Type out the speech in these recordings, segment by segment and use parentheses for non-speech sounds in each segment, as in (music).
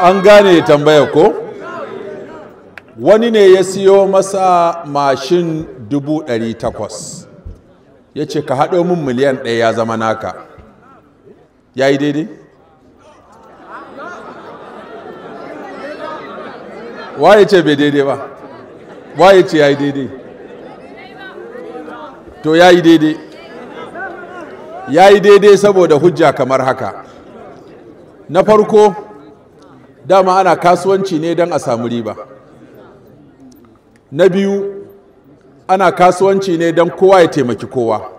an gane tambaya ko wani ne ya siyo masa mashin dubu ɗari takwas ya ce ka haɗo min miliyan ɗaya ya zama naka ya yi daidai waye ce bai daidai ba waye ce ya yi daidai to ya yi daidai ya yi daidai saboda hujja kamar haka na farko dama ana kasuwanci ne don a samu riba na biyu ana kasuwanci ne don kowa ya taimaki kowa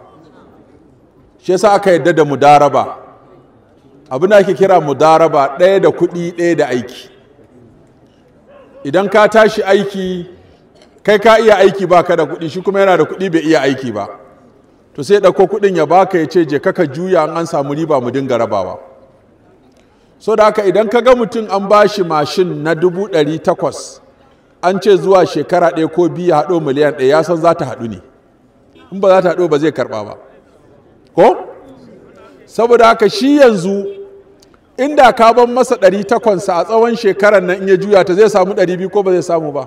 shi yasa aka yadda da mudaraba abu da ake kira mudaraba ɗaya da kuɗi ɗaya da aiki idan ka tashi aiki kai ka iya aiki ba ka da kuɗi shi kuma yana da kuɗi bai iya aiki ba to sai ɗauko kuɗin ya baka ya ce je kaka juya an samu riba mu dinga rabawa so da haka idan ka ga mutum an ba shi mashin na dubu ɗari takwas an ce zuwa shekara ɗaya ko biyu haɗo miliyan ɗaya ya san za ta haɗu ne in ba za ta haɗo ba zai karɓa ba ko saboda haka shi yanzu inda ka ban masa ɗari takwansa a tsawon shekarar nan in ya juya ta zai samu ɗari biyu ko ba zai samu ba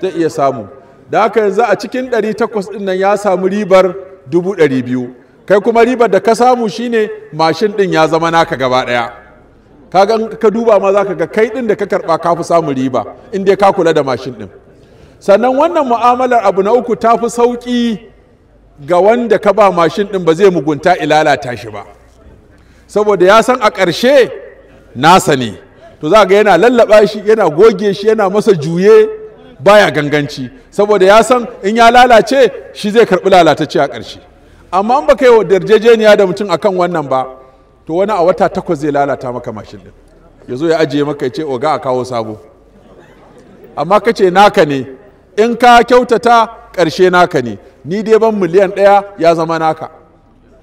zai iya samu da haka yanzu a cikin ɗari takwas ɗin nan ya samu ribar dubu ɗari biyu kai kuma ribar da ka samu shine mashin ɗin ya zama naka gaba ɗaya Ka kaga ka duba ma ka ga kai din da ka karba ka fi samun riba in dai ka kula da mashin din sannan wannan mu'amalar abu na uku ta fi sauki ga wanda ka ba mashin din ba zai mugunta ilalata shi ba saboda ya san a ƙarshe nasa ne to za ga yana lallaba shi yana goge shi yana masa juye baya ganganci saboda ya san in ya lalace shi zai karbi lalatacce a ƙarshe amma an baka yi yarjejeniya da mutum akan wannan ba to wani a wata takwas zai lalata maka mashin din ya zo ya ajiye maka ya ce oga a kawo sabo amma ka ce naka ne in ka kyautata ƙarshe naka ne ni dai ban miliyan ɗaya ya zama naka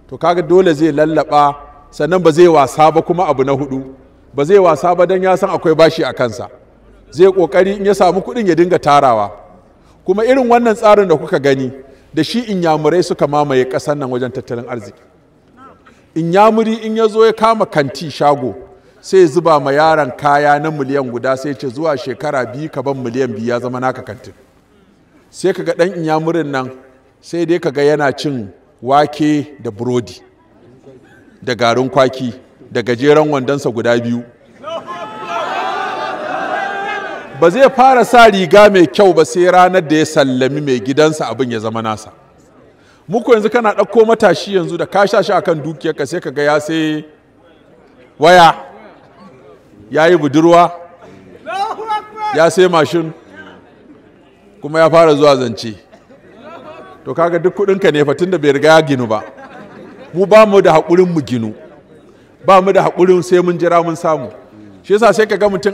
to kaga dole zai lallaba sannan ba zai wasa ba kuma abu na hudu ba zai wasa ba don ya san akwai bashi a kansa zai kokari in ya samu kuɗin ya dinga tarawa kuma irin wannan tsarin da kuka gani da shi inyamurai suka mamaye ƙasar nan wajen tattalin arziki in yamuri in ya zo ya kama kanti shago sai zuba ma yaron kaya na miliyan guda sai ce zuwa shekara biyu ka ban miliyan biyu ya zama naka kantin sai kaga dan inyamurin nan sai dai kaga yana cin wake da burodi da garin kwaki da gajeren wandonsa guda biyu ba zai fara sa riga mai kyau ba sai ranar da ya sallami mai gidansa abin ya zama nasa muku yanzu kana ɗauko matashi yanzu da ka sha shi akan dukiyarka sai ka ga ya sai waya ya yi budurwa ya sai mashin kuma ya fara zuwa zance to kaga duk kuɗinka ne fatin da bai riga ya ginu ba mu ba mu da haƙurin mu ginu ba mu da haƙurin sai mun jira mun samu shi yasa sai ka ga mutum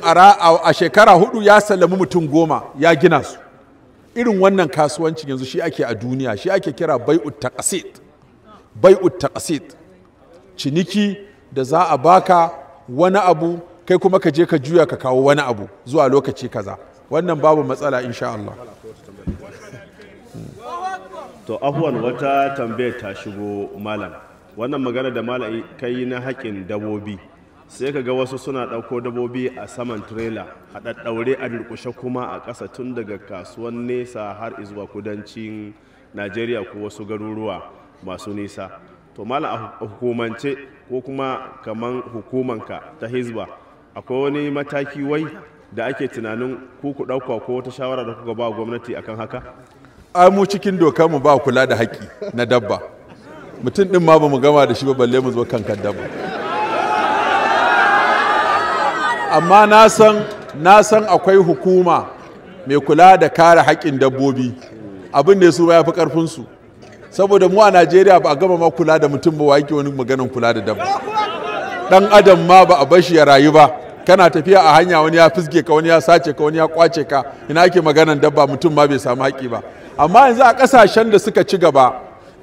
a shekara hudu ya sallami mutum goma ya gina su irin wannan kasuwancin yanzu shi ake a duniya shi ake kira bai'ut taqsit bai'ut taqsit ciniki da za a baka wani abu kai kuma ka je ka juya ka kawo wani abu zuwa lokaci kaza wannan babu matsala insha Allah to afuwan wata tambayar ta shigo malam wannan magana da malai kai na haƙin dabobi sai ka ga wasu suna ɗauko dabobi a saman tirela a ɗaɗɗaure a durƙushe kuma a ƙasa tun daga kasuwan nesa har izuwa kudancin najeriya ko wasu garuruwa masu nisa to mala a hukumance ko kuma kaman hukumanka ta hizba akwai wani mataki wai da ake tunanin ku ku ɗauka ko wata shawara da kuka ba gwamnati akan haka ai mu cikin doka mu ba kula da haƙƙi na dabba mutum ɗin ma ba mu gama da shi ba balle mu zo kan dabba amma na san na san akwai hukuma mai kula da kare haƙƙin dabbobi abin da su ya fi ƙarfinsu saboda mu a najeriya ba a gama ma kula da mutum ba wa yake wani maganan kula da dabba dan adam ma ba a bashi ya rayu ba kana tafiya a hanya wani ya fisge ka wani ya sace ka wani ya kwace ka ina ake maganan dabba mutum ma bai samu haƙi ba amma yanzu a ƙasashen da suka ci gaba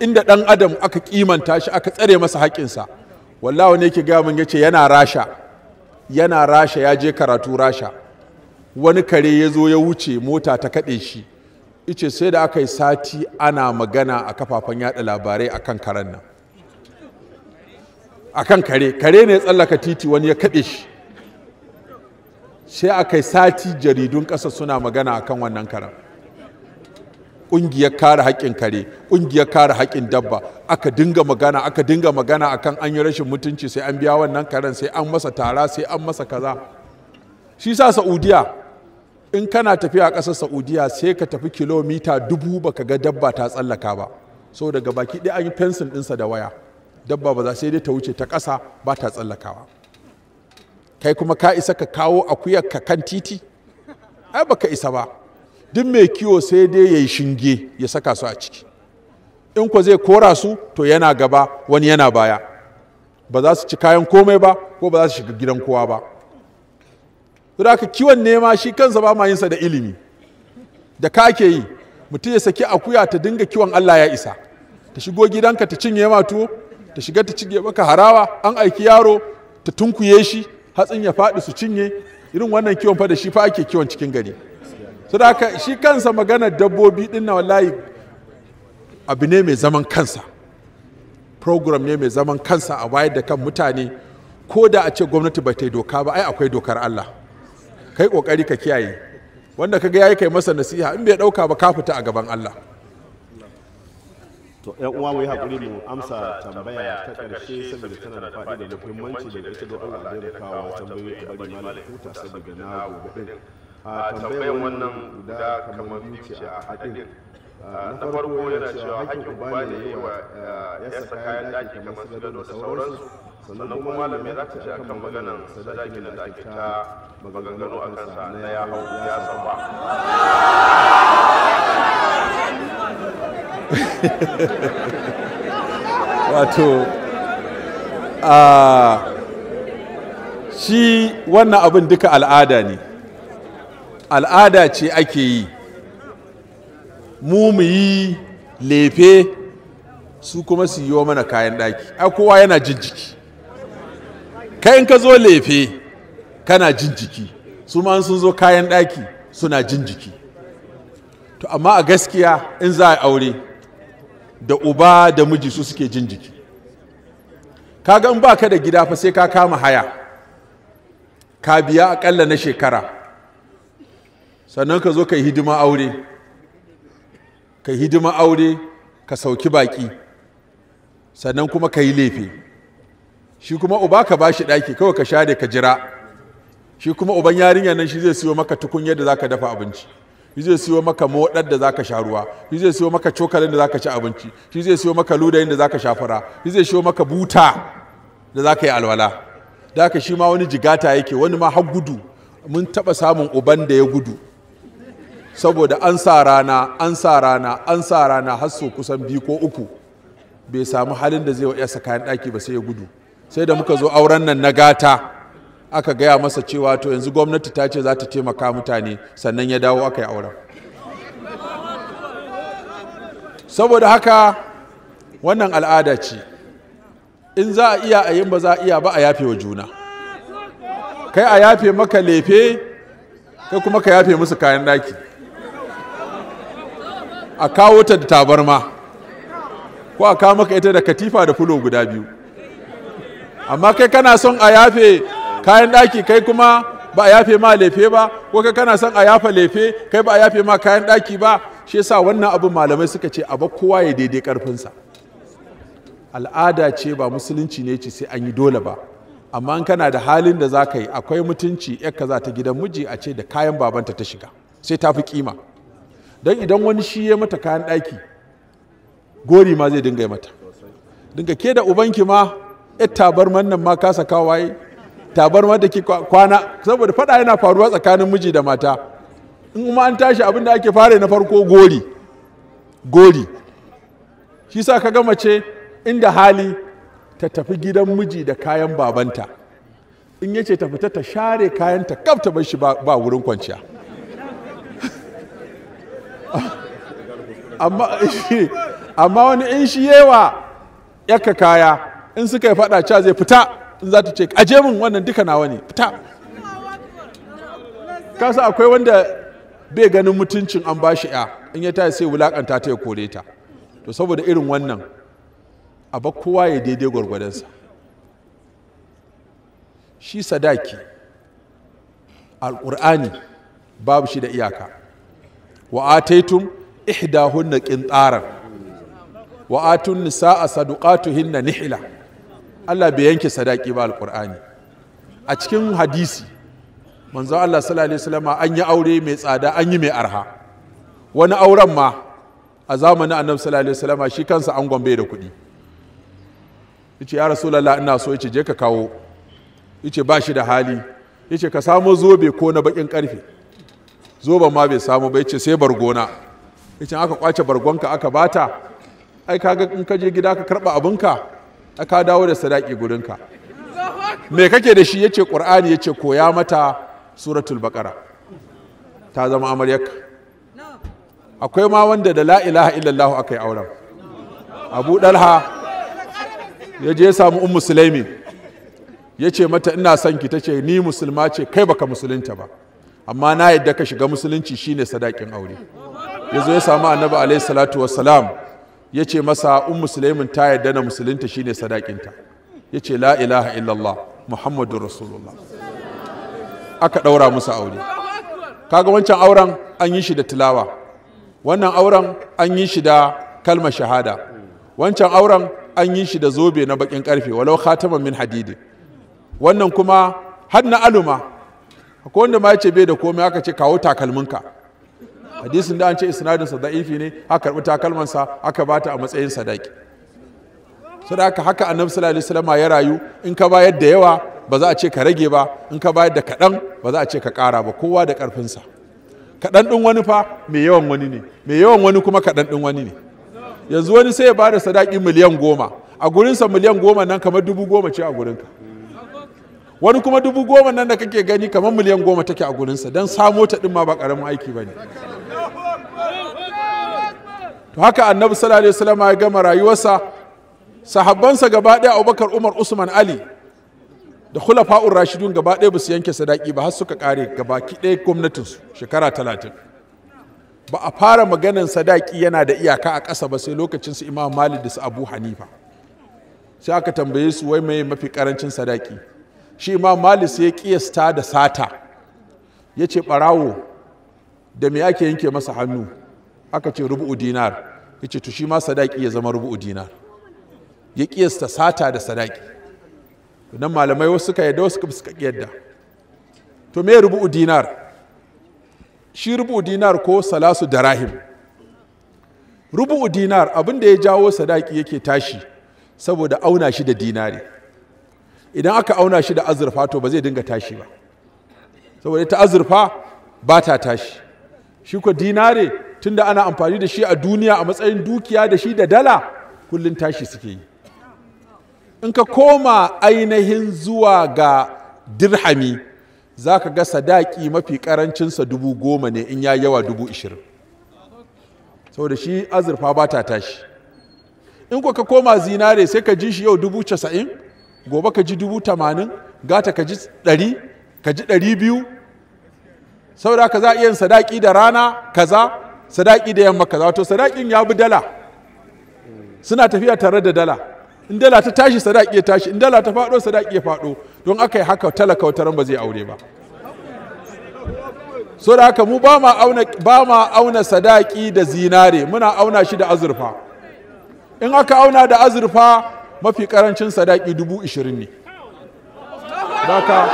inda ɗan adam aka kimanta shi aka tsare masa haƙinsa wallahi ne yake gaya mun yace yana rasha yana rasha ya je karatu rasha wani kare ya zo ya wuce mota ta kaɗe shi ice sai da aka yi sati ana magana a kafafen yada labarai akan karen nan kan kare kare ne tsallaka titi wani ya kaɗe shi sai aka yi sati jaridun ƙasa suna magana a kan wannan karen ƙungiyar kare haƙƙin kare ƙungiyar kare haƙƙin dabba aka dinga magana aka dinga magana akan an yi rashin mutunci sai an biya wannan karen sai an masa tara sai an masa kaza shi sa saudiya in kana tafiya a ƙasar saudiya sai ka tafi kilomita dubu baka ga dabba ta tsallaka ba so daga baki ɗaya an yi fensin ɗinsa da waya dabba ba za sai dai ta wuce ta ƙasa ba ta tsallakawa kai kuma ka isa ka kawo akuyar ka kan titi ai baka isa ba duk mai kiwo sai dai ya yi shinge ya saka su a ciki in kwa zai kora su to yana gaba wani yana baya ba za su ci kayan komai ba ko ba za su shiga gidan kowa ba to da kiwon nema shi kansa ba ma yinsa da ilimi da ka ke yi mutum ya saki akuya ta dinga kiwon Allah ya isa ta shigo gidanka ta cinye ma tuwo ta shiga ta cinye maka harawa an aiki yaro ta tunkuye shi hatsin ya faɗi su cinye irin wannan kiwon fa da shi fa ake kiwon cikin gari su da shi kansa maganar dabbobi din na wallahi abu ne mai zaman kansa program ne mai zaman kansa a wayar da kan mutane ko da a ce gwamnati ba ta yi doka ba ai akwai dokar Allah kai kokari ka kiyaye wanda kaga yayi kai masa nasiha in bai dauka ba ka fita a gaban Allah to yan uwa mu yi hakuri mu amsa tambaya ta karshe saboda tana da faɗi da muhimmanci da ita don Allah da kawo tambayoyi a bari malam huta saboda na gobe din tambayan wannan guda kamar zuciya a hadin na farko yana cewa hakkin uba ne yi wa eh, saka kayan daki kamar su gado da sauransu sannan kuma malami za ka ce kan maganan sadakin da ake ta maganganu a kansa na ya hau ya sauwa (laughs) wato ah, shi wannan abin duka al'ada ne al'ada ce ake yi mu mu yi lefe su kuma su yi wa mana kayan ɗaki a kowa yana jinjiki. kai in ka zo lefe kana jinjiki. su ma sun zo kayan ɗaki suna jinjiki. to amma a gaskiya in za a aure da uba da miji su suke jinjiki. jiki kaga in ba ka da gida fa sai ka kama haya ka biya akalla na shekara sannan ka zo ka yi hidima aure ka yi hidima aure ka sauki baki sannan kuma ka yi laifi shi kuma uba ka ba shi ɗaki kawai ka share ka jira shi kuma uban yarinyar nan shi zai siyo maka tukunyar da zaka dafa abinci shi zai siyo maka moɗar da zaka sha ruwa shi zai siyo maka cokalin da zaka ci abinci shi zai siyo maka ludayin da zaka sha fara shi zai siyo maka buta da zaka yi alwala da aka shi ma wani jigata yake wani ma har gudu mun taɓa samun uban da ya gudu saboda an sa rana an sa rana an sa rana har so kusan biyu ko uku bai samu halin da zai wa yasa kayan ɗaki ba sai ya gudu sai da muka zo auren nan na gata aka gaya masa cewa to yanzu gwamnati ta ce za ta taimaka mutane sannan ya dawo aka yi auren saboda haka wannan al'ada ce in za a iya a yin ba za a iya ba a yafe wa juna kai a yafe maka lefe kai kuma ka yafe musu kayan ɗaki. a kawo ta da tabarma ko a kawo maka ita da katifa da fulo guda biyu amma kai kana son a yafe kayan ɗaki kai kuma ba a yafe ma lefe ba ko kai kana son a yafa lefe kai ba a yafe ma kayan ɗaki ba shi yasa wannan abin malamai suka ce a ba kowa ya daidai karfinsa al'ada ce ba musulunci ne ce sai an yi dole ba amma in kana da halin da za ka yi akwai mutunci yakka za ta gidan miji a ce da kayan babanta ta shiga sai ta fi kima don idan wani shi ya mata kayan ɗaki gori ma zai dinga mata dinga ke da ubanki ma ya tabar nan ma kasa kawai ma da ke kwana saboda faɗa yana faruwa tsakanin miji da mata in ma an tashi abin da ake fara na farko gori gori shi sa ka gama ce inda hali ta tafi gidan miji da kayan babanta in yace ta fita ta share kayanta, ta bai shi ba wurin kwanciya (laughs) amma wani in shi yewa yaka kaya in suka yi fada ca zai fita in za ta ce aje min wannan duka nawa ne fita kasa akwai wanda bai ganin mutuncin an bashi ya in ya ta sai wulakanta ta ya kore ta to saboda irin wannan a ba kowa ya daidai gwargwadonsa shi sadaki alƙur'ani babu shi da iyaka wa ataitum ihdahunna qintaran wa atun nisaa saduqatuhinna nihla Allah bai yanke sadaki ba alqur'ani a cikin hadisi manzo Allah sallallahu alaihi wasallam an yi aure mai tsada an yi mai arha wani auren ma a zamanin annabi sallallahu alaihi wasallam shi kansa an gombe da kuɗi yace ya rasulullah ina so yace je ka kawo yace ba shi da hali yace ka samo zobe ko na bakin ƙarfe. Zoben ma bai samu bai ce sai bargona ya ce aka kwace bargonka aka bata ai kaga in ka je gida ka karba abinka ka dawo da sadaki gurinka me kake da shi yace qur'ani yace koya mata suratul baqara ta zama amaryarka akwai ma wanda da la ilaha illallah akai auren abu dalha ya ya samu ummu sulaimi ya ce mata ina son ki ta ce ni musulma ce kai baka musulunta ba amma na yadda ka shiga musulunci shine sadakin aure ya zo ya samu annabi alaihi salatu wassalam ya ce masa un musulmin ta yadda na musulunta shine sadakinta ya ce la ilaha illallah muhammadu rasulullah aka ɗaura musu aure kaga wancan auren an yi shi da tilawa wannan auren an yi shi da kalma shahada wancan auren an yi shi da zobe na bakin karfe walau khataman min hadidi wannan kuma har na aluma akwai wanda ma yace ce bai da komai aka ce kawo takalminka hadisin da an ce isnadin sa da'ifi ne aka takalman sa aka bata a matsayin sadaki sadaka haka annabi sallallahu alaihi wasallam ya rayu in ka bayar da yawa ba za a ce ka rage ba in ka bayar da kaɗan ba za a ce ka kara ba kowa da ƙarfinsa kaɗan ɗin wani fa mai yawan wani ne mai yawan wani kuma kaɗan ɗin wani ne yanzu wani sai ya bada sadaki miliyan goma a gurinsa miliyan goma nan kamar dubu goma ce a gurinka wani kuma dubu goma nan da kake gani kamar miliyan goma take a gurinsa don samo ta ɗin ma ba ƙaramin aiki ba ne to haka annabi sallallahu alaihi wasallam ya gama rayuwarsa sahabbansa gaba ɗaya abubakar umar usman ali da khulafa'ur rashidun gaba ɗaya ba su yanke sadaki ba har suka ƙare gaba ki ɗaya gwamnatinsu shekara talatin ba a fara maganan sadaki yana da iyaka a ƙasa ba sai lokacin su imam malik da su abu hanifa sai aka tambaye su wai mai mafi ƙarancin sadaki shi ma malis ya kiyasta da sata ya ce ɓarawo da me ake yanke masa hannu aka ce rubu'u dinar ya ce to shi ma sadaki ya zama rubu'u dinar ya kiyasta sata da sadaki nan malamai wasu suka yadda wasu suka yadda to me rubu'u dinar shi rubu dinar ko salasu da Rahim? rubu dinar abin da ya jawo sadaki yake tashi saboda auna shi da dinari idan aka auna shi da azurfa to ba zai dinga tashi ba saboda ta azurfa ba ta tashi shi ko dinare tunda ana amfani da shi a duniya a matsayin dukiya da shi da dala kullum tashi suke yi in ka koma ainihin zuwa ga dirhami za ka ga sadaki mafi karancinsa dubu goma ne in ya yawa dubu ishirin saboda shi azurfa ba ta tashi in ko ka koma zinare sai ka ji shi yau dubu casa'in gobe ka ji dubu tamanin gata ka ji ɗari ka ji ɗari biyu saboda ka za a iya yin sadaki da rana kaza sadaki da yamma kaza wato sadakin ya bi dala suna tafiya tare da dala in dala ta tashi sadaki ya tashi in dala ta faɗo sadaki ya faɗo don aka yi haka talaka wataran ba zai aure ba so da haka mu ba ma auna, ba ma auna sadaki da zinare muna auna shi da azurfa in aka auna da azurfa mafi karancin sadaki dubu ishirin ne baka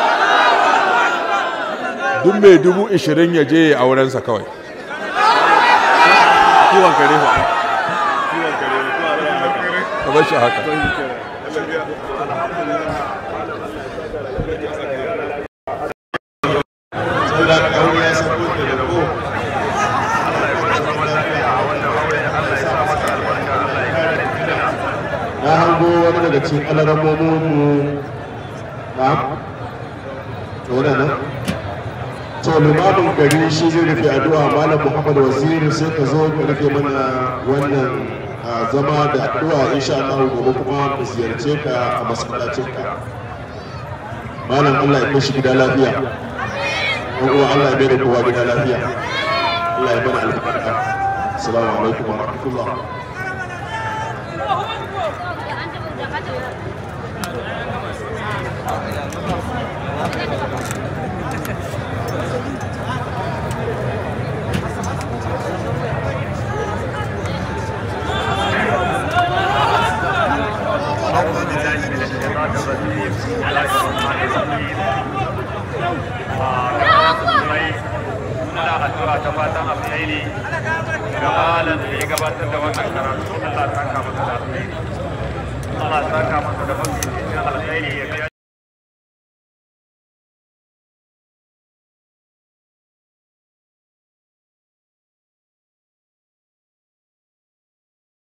duk mai dubu ishirin ya je a wurinsa kawai kiwon kare ba kiwon kare ba bar shi haka lokacin alarabominmu na tsoron nan to limamin gari shi zai rufe addu'a malam muhammad waziri sai ka zo ka rufe mana wannan zama da addu'a insha Allah gobe kuma mu ziyarce ka a masallacin ka malam Allah ya kai shi gida lafiya ko Allah ya bai da kowa gida lafiya Allah ya bada albarka assalamu alaikum wa rahmatullah da wannan karatu Allah ta kama da Allah ta kama